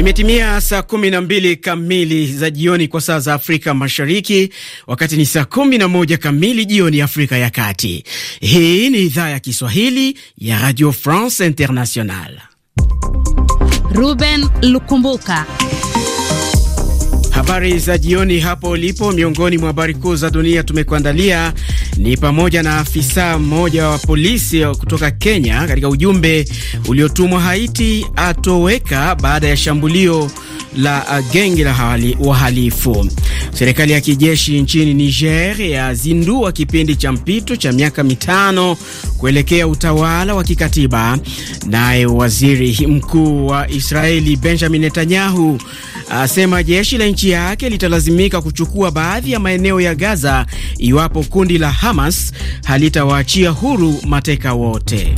Imetimia saa kumi na mbili kamili za jioni kwa saa za Afrika Mashariki, wakati ni saa kumi na moja kamili jioni Afrika ya Kati. Hii ni idhaa ya Kiswahili ya Radio France International. Ruben Lukumbuka, habari za jioni hapo ulipo. Miongoni mwa habari kuu za dunia tumekuandalia ni pamoja na afisa mmoja wa polisi kutoka Kenya katika ujumbe uliotumwa Haiti atoweka baada ya shambulio la uh, genge la wahalifu. Serikali ya kijeshi nchini Niger yazindua kipindi cha mpito cha miaka mitano kuelekea utawala wa kikatiba. Naye waziri mkuu wa Israeli Benjamin Netanyahu asema jeshi la nchi yake litalazimika kuchukua baadhi ya maeneo ya Gaza iwapo kundi la Hamas halitawaachia huru mateka wote.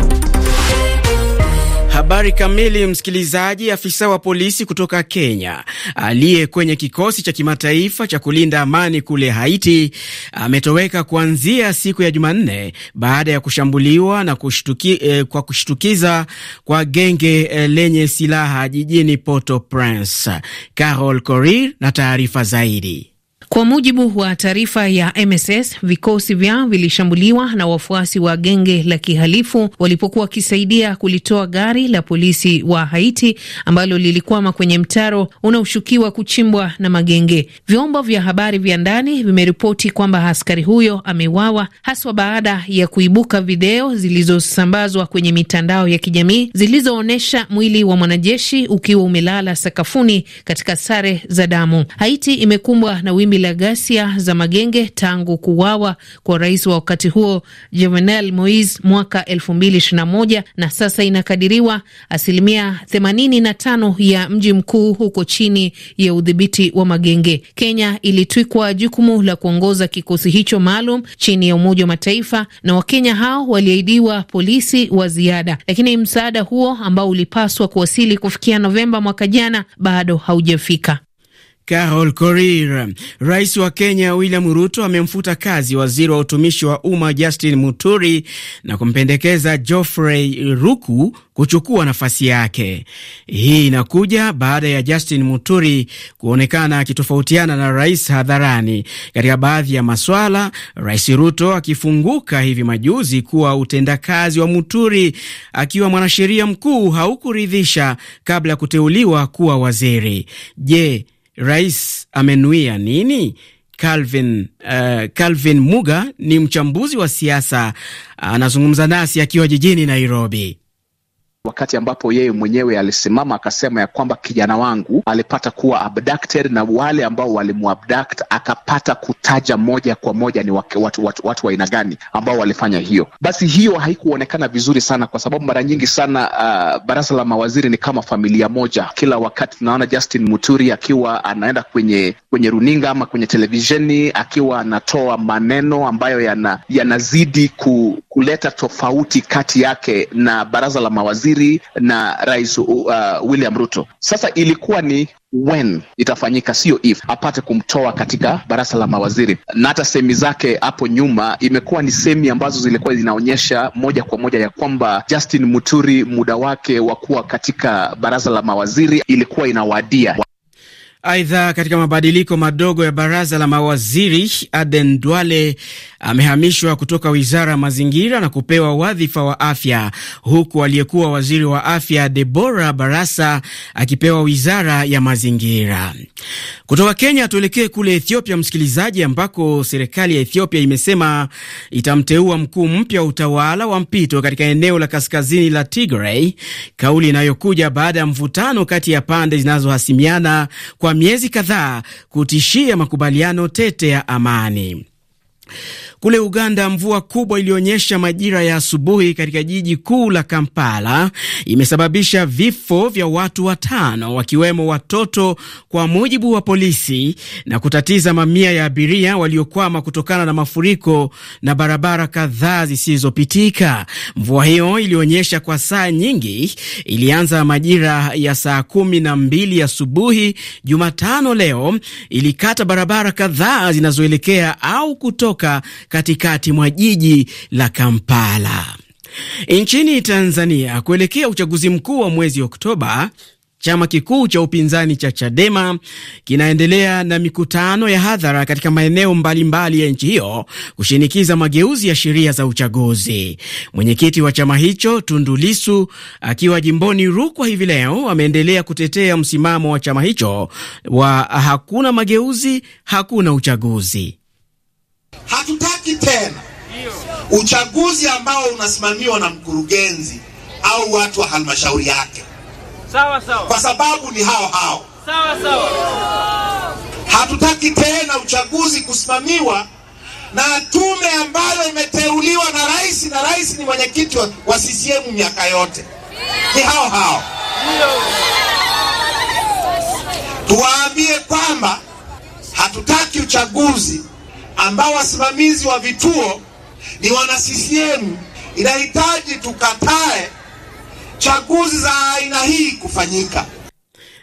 Habari kamili, msikilizaji. Afisa wa polisi kutoka Kenya aliye kwenye kikosi cha kimataifa cha kulinda amani kule Haiti ametoweka kuanzia siku ya Jumanne baada ya kushambuliwa na kushtuki, eh, kwa kushtukiza kwa genge eh, lenye silaha jijini Port-au-Prince. Carol Korir na taarifa zaidi. Kwa mujibu wa taarifa ya MSS, vikosi vyao vilishambuliwa na wafuasi wa genge la kihalifu walipokuwa wakisaidia kulitoa gari la polisi wa Haiti ambalo lilikwama kwenye mtaro unaoshukiwa kuchimbwa na magenge. Vyombo vya habari vya ndani vimeripoti kwamba askari huyo ameuawa haswa baada ya kuibuka video zilizosambazwa kwenye mitandao ya kijamii zilizoonyesha mwili wa mwanajeshi ukiwa umelala sakafuni katika sare za damu. Haiti imekumbwa na wimbi bila ghasia za magenge tangu kuuawa kwa rais wa wakati huo Jovenel Mois mwaka 2021 na sasa inakadiriwa asilimia 85 ya mji mkuu huko chini ya udhibiti wa magenge. Kenya ilitwikwa jukumu la kuongoza kikosi hicho maalum chini ya Umoja wa Mataifa na Wakenya hao waliahidiwa polisi wa ziada, lakini msaada huo ambao ulipaswa kuwasili kufikia Novemba mwaka jana bado haujafika. Carol Korir. Rais wa Kenya William Ruto amemfuta kazi waziri wa utumishi wa umma Justin Muturi na kumpendekeza Geoffrey Ruku kuchukua nafasi yake. Hii inakuja baada ya Justin Muturi kuonekana akitofautiana na rais hadharani katika baadhi ya maswala, Rais Ruto akifunguka hivi majuzi kuwa utendakazi wa Muturi akiwa mwanasheria mkuu haukuridhisha kabla ya kuteuliwa kuwa waziri. Je, rais amenuia nini? Calvin, uh, Calvin Muga ni mchambuzi wa siasa anazungumza uh, nasi akiwa jijini Nairobi wakati ambapo yeye mwenyewe alisimama akasema ya kwamba kijana wangu alipata kuwa abducted na wale ambao walimuabduct, akapata kutaja moja kwa moja ni watu, watu, watu, watu wa aina gani ambao walifanya hiyo. Basi hiyo haikuonekana vizuri sana, kwa sababu mara nyingi sana uh, baraza la mawaziri ni kama familia moja. Kila wakati tunaona Justin Muturi akiwa anaenda kwenye kwenye runinga ama kwenye televisheni akiwa anatoa maneno ambayo yanazidi yana ku, kuleta tofauti kati yake na baraza la mawaziri waziri na rais uh, William Ruto. Sasa ilikuwa ni when itafanyika, sio if, apate kumtoa katika baraza la mawaziri. Na hata semi zake hapo nyuma imekuwa ni semi ambazo zilikuwa zinaonyesha moja kwa moja ya kwamba Justin Muturi muda wake wa kuwa katika baraza la mawaziri ilikuwa inawadia. Aidha, katika mabadiliko madogo ya baraza la mawaziri, Aden Duale amehamishwa kutoka wizara ya mazingira na kupewa wadhifa wa afya, huku aliyekuwa waziri wa afya Debora Barasa akipewa wizara ya mazingira. Kutoka Kenya tuelekee kule Ethiopia, msikilizaji, ambako serikali ya Ethiopia imesema itamteua mkuu mpya wa utawala wa mpito katika eneo la kaskazini la Tigray, kauli inayokuja baada ya mvutano kati ya pande zinazohasimiana kwa kwa miezi kadhaa kutishia makubaliano tete ya amani. Kule Uganda, mvua kubwa iliyoonyesha majira ya asubuhi katika jiji kuu la Kampala imesababisha vifo vya watu watano wakiwemo watoto, kwa mujibu wa polisi, na kutatiza mamia ya abiria waliokwama kutokana na mafuriko na barabara kadhaa zisizopitika. Mvua hiyo ilionyesha kwa saa nyingi, ilianza majira ya saa kumi na mbili asubuhi Jumatano leo, ilikata barabara kadhaa zinazoelekea au kutoka katikati mwa jiji la Kampala. Nchini Tanzania, kuelekea uchaguzi mkuu wa mwezi Oktoba, chama kikuu cha upinzani cha Chadema kinaendelea na mikutano ya hadhara katika maeneo mbalimbali ya nchi hiyo kushinikiza mageuzi ya sheria za uchaguzi. Mwenyekiti wa chama hicho Tundu Lissu akiwa jimboni Rukwa hivi leo ameendelea kutetea msimamo wa chama hicho wa hakuna mageuzi, hakuna uchaguzi. Hatutaki tena uchaguzi ambao unasimamiwa na mkurugenzi au watu wa halmashauri yake, sawa sawa, kwa sababu ni hao hao, sawa sawa. Hatutaki tena uchaguzi kusimamiwa na tume ambayo imeteuliwa na rais, na rais ni mwenyekiti wa CCM miaka yote, ni hao hao. Tuwaambie kwamba hatutaki uchaguzi ambao wasimamizi wa vituo ni wana CCM, inahitaji tukatae chaguzi za aina hii kufanyika.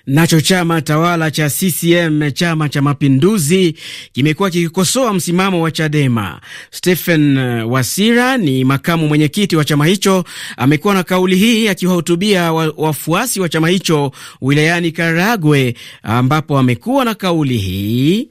Nacho chama tawala cha CCM, Chama cha Mapinduzi, kimekuwa kikikosoa msimamo wa Chadema. Stephen uh, Wasira ni makamu mwenyekiti wa chama hicho, amekuwa na kauli hii akiwahutubia wafuasi wa chama hicho wilayani Karagwe, ambapo amekuwa na kauli hii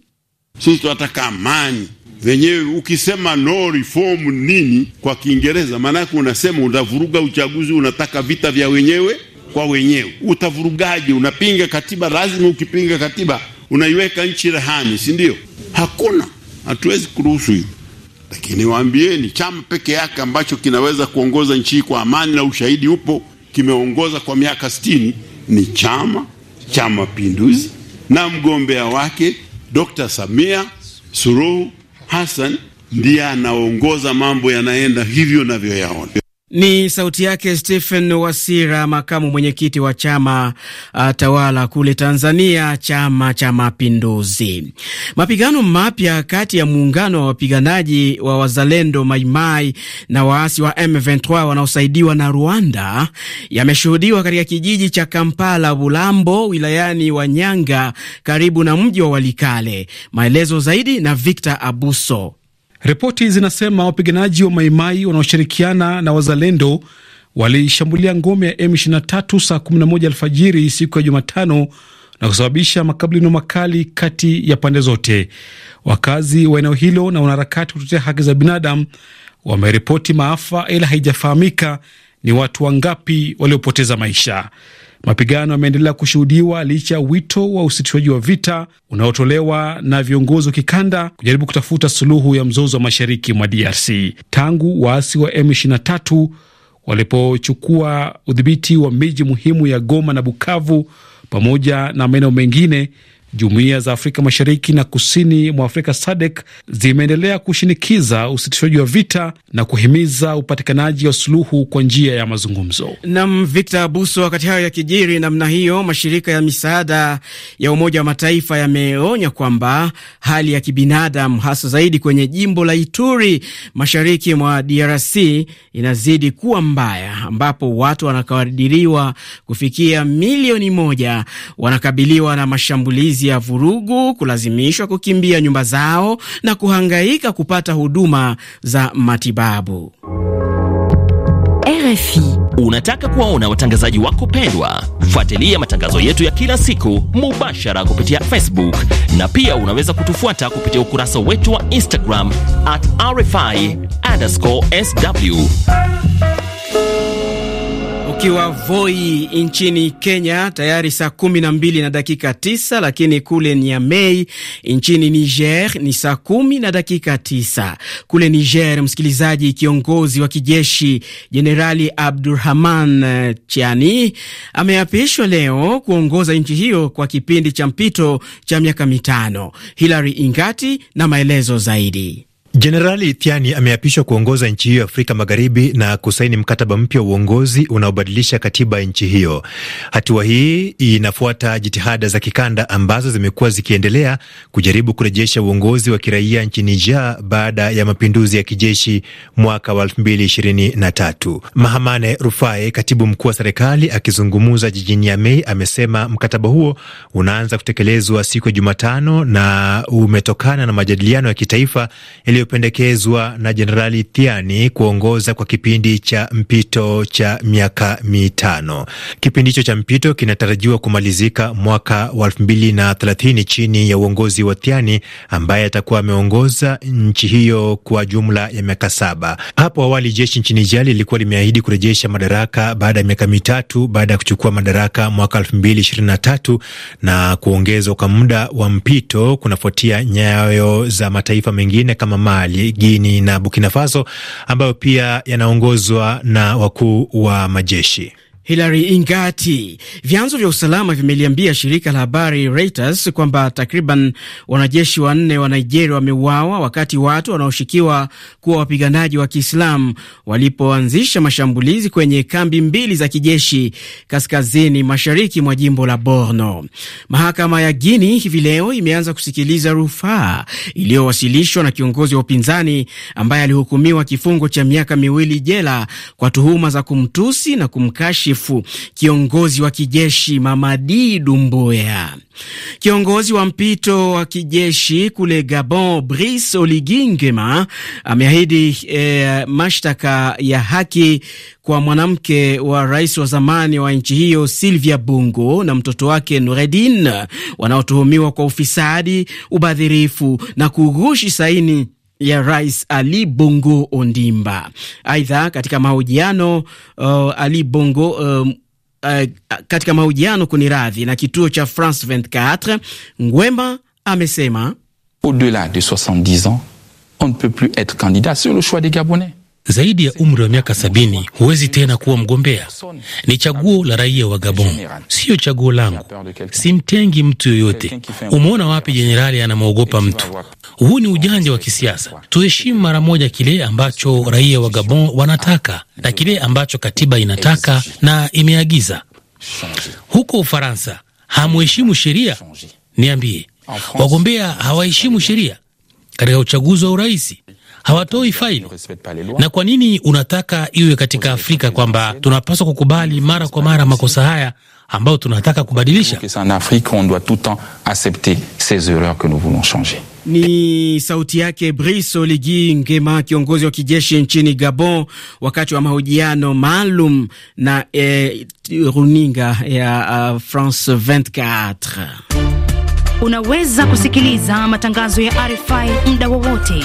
sisi tunataka amani wenyewe. Ukisema no reform nini kwa Kiingereza, maana yake unasema utavuruga uchaguzi, unataka vita vya wenyewe kwa wenyewe. Utavurugaje? Unapinga katiba. Lazima ukipinga katiba unaiweka nchi rehani, si ndio? Hakuna, hatuwezi kuruhusu hiyo. Lakini waambieni, chama peke yake ambacho kinaweza kuongoza nchi hii kwa amani, na ushahidi upo, kimeongoza kwa miaka sitini, ni chama cha Mapinduzi na mgombea wake Dr. Samia Suluhu Hassan ndiye anaongoza, mambo yanaenda hivyo yaona ni sauti yake Stephen Wasira, makamu mwenyekiti wa chama uh, tawala kule Tanzania, Chama cha Mapinduzi. Mapigano mapya kati ya muungano wa wapiganaji wa wazalendo Maimai na waasi wa M23 wanaosaidiwa na Rwanda yameshuhudiwa katika kijiji cha Kampala Bulambo, wilayani Wanyanga, karibu na mji wa Walikale. Maelezo zaidi na Victor Abuso. Ripoti zinasema wapiganaji wa Maimai wanaoshirikiana na wazalendo walishambulia ngome ya M23 saa 11 alfajiri siku ya Jumatano na kusababisha makabiliano makali kati ya pande zote. Wakazi wa eneo hilo na wanaharakati kutetea haki za binadamu wameripoti maafa, ila haijafahamika ni watu wangapi waliopoteza maisha. Mapigano yameendelea kushuhudiwa licha ya wito wa usitishwaji wa vita unaotolewa na viongozi wa kikanda kujaribu kutafuta suluhu ya mzozo wa mashariki mwa DRC tangu waasi wa M23 walipochukua udhibiti wa miji muhimu ya Goma na Bukavu pamoja na maeneo mengine. Jumuiya za Afrika Mashariki na kusini mwa Afrika SADC zimeendelea kushinikiza usitishaji wa vita na kuhimiza upatikanaji wa suluhu kwa njia ya mazungumzo. Nam Victor Buso. Wakati hayo ya kijiri namna hiyo, mashirika ya misaada ya Umoja wa Mataifa yameonya kwamba hali ya kibinadamu hasa zaidi kwenye jimbo la Ituri mashariki mwa DRC inazidi kuwa mbaya, ambapo watu wanakadiriwa kufikia milioni moja wanakabiliwa na mashambulizi maambukizi ya vurugu, kulazimishwa kukimbia nyumba zao na kuhangaika kupata huduma za matibabu. RFI. Unataka kuwaona watangazaji wako pendwa? Fuatilia matangazo yetu ya kila siku mubashara kupitia Facebook na pia unaweza kutufuata kupitia ukurasa wetu wa Instagram at sw ukiwa Voi nchini Kenya tayari saa kumi na mbili na dakika tisa, lakini kule Niamey nchini Niger ni saa kumi na dakika tisa. Kule Niger, msikilizaji, kiongozi wa kijeshi Jenerali Abdurhaman Chiani ameapishwa leo kuongoza nchi hiyo kwa kipindi cha mpito cha miaka mitano. Hilary Ingati na maelezo zaidi. Jenerali Tiani ameapishwa kuongoza nchi hiyo Afrika Magharibi na kusaini mkataba mpya wa uongozi unaobadilisha katiba ya nchi hiyo. Hatua hii inafuata jitihada za kikanda ambazo zimekuwa zikiendelea kujaribu kurejesha uongozi wa kiraia nchini Niger baada ya mapinduzi ya kijeshi mwaka wa 2023. Mahamane Rufai, katibu mkuu wa serikali, akizungumza jijini Niamey, amesema mkataba huo unaanza kutekelezwa siku ya Jumatano na umetokana na majadiliano ya kitaifa yaliyo iliyopendekezwa na Jenerali Tiani kuongoza kwa kipindi cha mpito cha miaka mitano. Kipindi hicho cha mpito kinatarajiwa kumalizika mwaka wa elfu mbili na thelathini chini ya uongozi wa Tiani ambaye atakuwa ameongoza nchi hiyo kwa jumla ya miaka saba. Hapo awali jeshi nchini Jali lilikuwa limeahidi kurejesha madaraka baada ya miaka mitatu baada ya kuchukua madaraka mwaka elfu mbili ishirini na tatu na kuongezwa kwa muda wa mpito kunafuatia nyayo za mataifa mengine kama Mali, Guini na Burkina Faso ambayo pia yanaongozwa na wakuu wa majeshi. Hilary Ingati. Vyanzo vya usalama vimeliambia shirika la habari Reuters kwamba takriban wanajeshi wanne wa Nigeria wameuawa wakati watu wanaoshikiwa kuwa wapiganaji wa Kiislamu walipoanzisha mashambulizi kwenye kambi mbili za kijeshi kaskazini mashariki mwa jimbo la Borno. Mahakama ya Guini hivi leo imeanza kusikiliza rufaa iliyowasilishwa na kiongozi wa upinzani ambaye alihukumiwa kifungo cha miaka miwili jela kwa tuhuma za kumtusi na kumkashi Mwadilifu, kiongozi wa kijeshi Mamadi Dumbuya. Kiongozi wa mpito wa kijeshi kule Gabon, Brice Oligui Nguema ameahidi eh, mashtaka ya haki kwa mwanamke wa rais wa zamani wa nchi hiyo Silvia Bongo na mtoto wake Noureddin wanaotuhumiwa kwa ufisadi, ubadhirifu na kughushi saini ya Rais Ali Bongo Ondimba. Aidha, katika mahojiano uh, Ali Bongo um, uh, katika mahojiano kuni radhi na kituo cha France 24 Ngwema amesema au-delà de 70 ans on ne peut plus être candidat sur le choix des Gabonais zaidi ya umri wa miaka sabini, huwezi tena kuwa mgombea. Ni chaguo la raia wa Gabon, siyo chaguo langu. Simtengi mtu yoyote. Umeona wapi jenerali anamwogopa mtu? Huu ni ujanja wa kisiasa. Tuheshimu mara moja kile ambacho raia wa Gabon wanataka na kile ambacho katiba inataka na imeagiza. Huko Ufaransa hamuheshimu sheria? Niambie, wagombea hawaheshimu sheria katika uchaguzi wa uraisi? hawatoi faili. Na kwa nini unataka iwe katika Afrika kwamba tunapaswa kukubali mara kwa mara makosa haya ambayo tunataka kubadilisha? Ni sauti yake Brice Oligi Nguema, kiongozi wa kijeshi nchini Gabon, wakati wa mahojiano maalum na e, runinga ya uh, France 24. Unaweza kusikiliza matangazo ya RFI muda wowote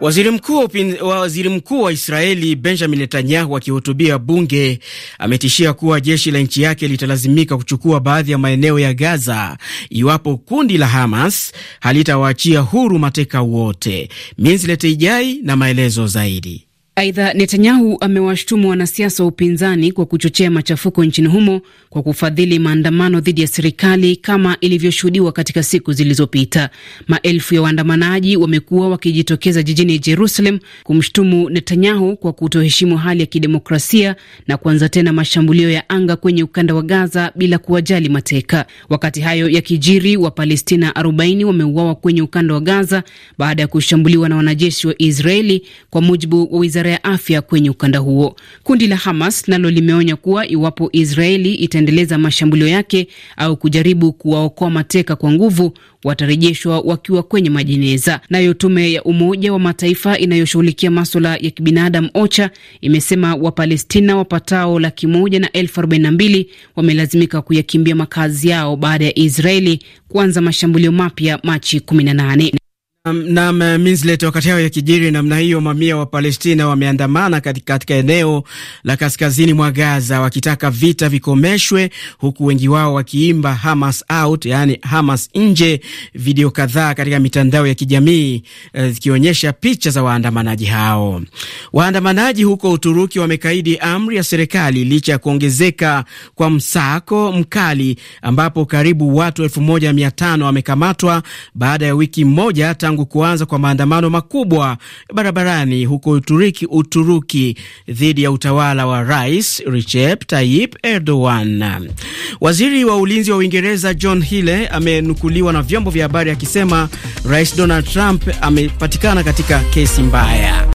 Waziri mkuu waziri mkuu wa Israeli Benjamin Netanyahu akihutubia bunge ametishia kuwa jeshi la nchi yake litalazimika kuchukua baadhi ya maeneo ya Gaza iwapo kundi la Hamas halitawaachia huru mateka wote. Minzilete Ijai na maelezo zaidi. Aidha, Netanyahu amewashtumu wanasiasa wa upinzani kwa kuchochea machafuko nchini humo kwa kufadhili maandamano dhidi ya serikali kama ilivyoshuhudiwa katika siku zilizopita. Maelfu ya waandamanaji wamekuwa wakijitokeza jijini Jerusalem kumshtumu Netanyahu kwa kutoheshimu hali ya kidemokrasia na kuanza tena mashambulio ya anga kwenye ukanda wa Gaza bila kuwajali mateka. Wakati hayo yakijiri, Wapalestina 40 wameuawa kwenye ukanda wa Gaza baada ya kushambuliwa na wanajeshi wa Israeli, kwa mujibu wa wizara wizara ya afya kwenye ukanda huo. Kundi la Hamas nalo limeonya kuwa iwapo Israeli itaendeleza mashambulio yake au kujaribu kuwaokoa mateka kwa nguvu, watarejeshwa wakiwa kwenye majeneza. Nayo tume ya Umoja wa Mataifa inayoshughulikia maswala ya kibinadamu OCHA imesema Wapalestina wapatao laki moja na elfu arobaini na mbili wamelazimika kuyakimbia makazi yao baada ya Israeli kuanza mashambulio mapya Machi 18. Nam eh, Minslet, wakati hayo ya kijiri namna hiyo, mamia wa Palestina wameandamana katika, katika eneo la kaskazini mwa Gaza wakitaka vita vikomeshwe, huku wengi wao wakiimba Hamas out, yani Hamas nje. Video kadhaa katika mitandao ya kijamii eh, zikionyesha eh, picha za waandamanaji hao. Waandamanaji huko Uturuki wamekaidi amri ya serikali licha ya kuongezeka kwa msako mkali, ambapo karibu watu elfu moja mia tano wamekamatwa baada ya wiki moja tangu tangu kuanza kwa maandamano makubwa barabarani huko Uturuki, Uturuki dhidi ya utawala wa Rais Recep Tayyip Erdogan. Waziri wa ulinzi wa Uingereza John Hille amenukuliwa na vyombo vya habari akisema Rais Donald Trump amepatikana katika kesi mbaya.